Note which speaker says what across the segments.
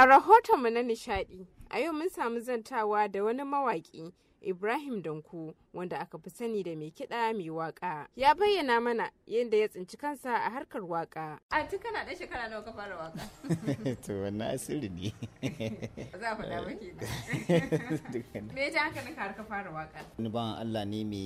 Speaker 1: A rahotonmu na nishadi, a yau mun samu zantawa da wani mawaƙi Ibrahim Danku wanda aka fi sani da mai kiɗa mai waƙa. Ya bayyana mana yadda ya tsinci kansa a harkar waƙa. A tun kana ɗan shekara nawa ka fara waƙa?
Speaker 2: To wannan asiri ne. Za a faɗa maki. Me
Speaker 1: ya ji hankalin ka har ka fara waƙa?
Speaker 2: Wani bawan Allah ne mai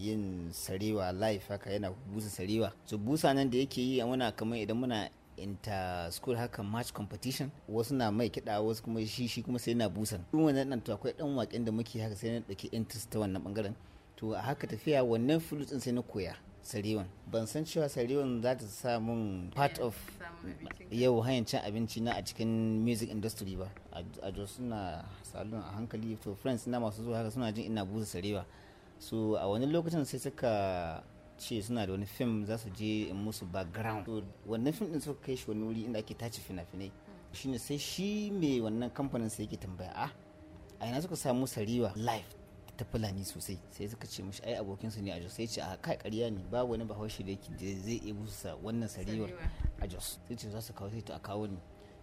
Speaker 2: yin sarewa live haka yana busa sarewa. To busa nan da yake yi muna kamar idan muna inter school haka match competition wasu na mai kiɗa wasu kuma shi shi kuma sai na busan duk wannan nan to akwai dan waƙen da muke haka sai na ɗauki interest ta wannan bangaren to a haka tafiya wannan flute din sai na koya sarewan ban san cewa sarewan za ta sa mun part of yau hanyar cin abinci na a cikin music industry ba a jos suna salon a hankali to friends na masu zuwa haka suna jin ina busa sarewa so a wani lokacin sai suka ce suna da wani fim za su je in musu background to wannan fim din suka kai shi wani wuri inda ake tace fina-finai shine sai shi mai wannan kamfanin sai yake tambaya a ah, a ina suka samu sariwa live ta fulani sosai sai suka ce mishi ai abokin ne a Jos sai ce a ah, kai ƙarya ne babu wani bahaushe da yake zai iya busa wannan sariwa a Jos sai ce za su kawo sai to a kawo ni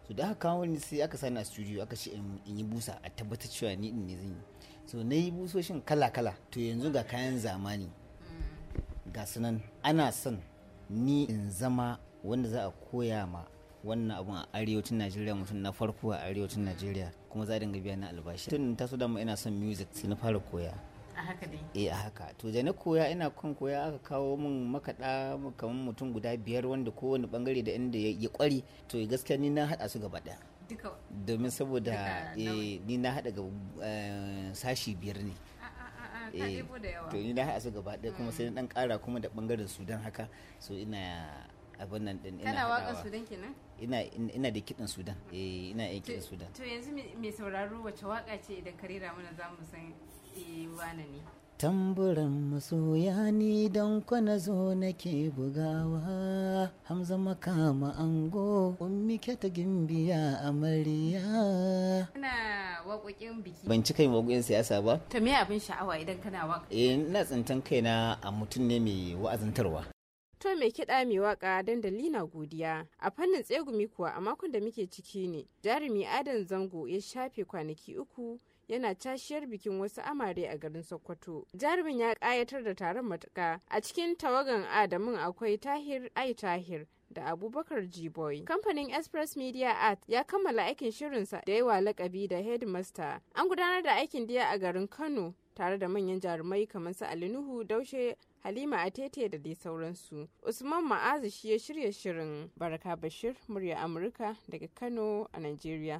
Speaker 2: to da aka kawo ni sai aka sani a studio aka ce in yi busa a tabbatar cewa ni din ne zan yi so na yi busoshin kala kala to yanzu ga kayan zamani ga sunan ana son ni in zama wanda za a koya ma wannan abun a arewacin najeriya mutum na farko a arewacin najeriya kuma za a dinga biya na albashi tun taso dama ina son music sai na fara koya a haka dai eh a haka to da na koya ina kan koya aka kawo min makaɗa kamar mutum guda biyar wanda kowane bangare da inda ya kwari to gaskiya ni na haɗa su gaba ɗaya domin saboda eh, ni na haɗa ga eh, sashi biyar ne
Speaker 1: eh to ni na
Speaker 2: haɗa su gaba ɗaya kuma sai dan ƙara kuma da bangaren sudan haka so ina abin nan din ina waƙar sudan kenan ina ina da kiɗan sudan eh ina yin kiɗan sudan to
Speaker 1: yanzu mai sauraro wace waƙa ce idan ka rera mana zamu san eh wane ne
Speaker 2: tamburin masoya ni don kwana zo nake bugawa hamza makama ango ummi ta gimbiya amarya
Speaker 1: ana waƙoƙin biki ban
Speaker 2: cika yin waƙoƙin siyasa ba
Speaker 1: to me abin sha'awa idan kana waƙa eh
Speaker 2: ina tsintan kaina a mutum ne mai wa'azantarwa
Speaker 1: To mai kiɗa mai waka dandali na godiya. A fannin tsegumi kuwa a makon da muke ciki ne, jarumi Adam Zango ya shafe kwanaki uku yana cashiyar bikin wasu amare a garin Sokoto. Jarumin ya ƙayatar da taron matuka. A cikin tawagan Adamin akwai Tahir Ai Tahir da Abubakar g Kamfanin Express Media Art ya kammala aikin shirinsa da yawa lakabi da Headmaster. An gudanar da aikin diya a garin Kano tare da manyan jarumai kamar su alinuhu Daushe, halima atete da dai sauransu usman ma'azu shi ya shirya shirin baraka bashir murya amurka daga kano a najeriya